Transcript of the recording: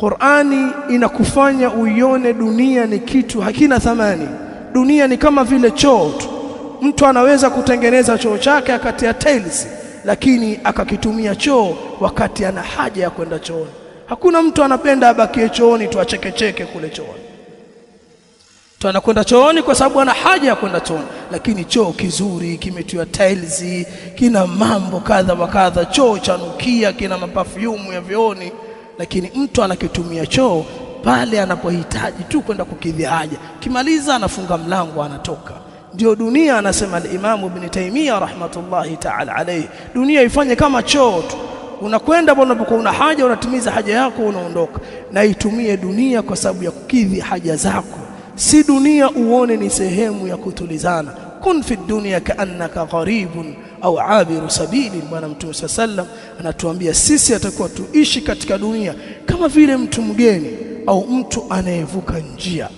Qur'ani inakufanya uione dunia ni kitu hakina thamani. Dunia ni kama vile choo tu, mtu anaweza kutengeneza choo chake akatia tiles, lakini akakitumia choo wakati ana haja ya kwenda chooni. Hakuna mtu anapenda abakie chooni tu achekecheke kule chooni Mtu anakwenda chooni kwa sababu ana haja ya kwenda chooni, lakini choo kizuri kimetiwa tiles, kina mambo kadha wa kadha, choo chanukia, kina mapafyumu ya vyooni lakini mtu anakitumia choo pale anapohitaji tu kwenda kukidhi haja, kimaliza anafunga mlango anatoka. Ndio dunia, anasema Alimamu Ibn Taimia rahmatullahi taala alaihi, dunia ifanye kama choo tu unakwenda pale unapokuwa una haja, unatimiza haja yako, unaondoka. Na itumie dunia kwa sababu ya kukidhi haja zako, si dunia uone ni sehemu ya kutulizana. kun fi dunia kaannaka gharibun au abiru sabili bwana mtume sallam anatuambia sisi atakuwa tuishi katika dunia kama vile mtu mgeni au mtu anayevuka njia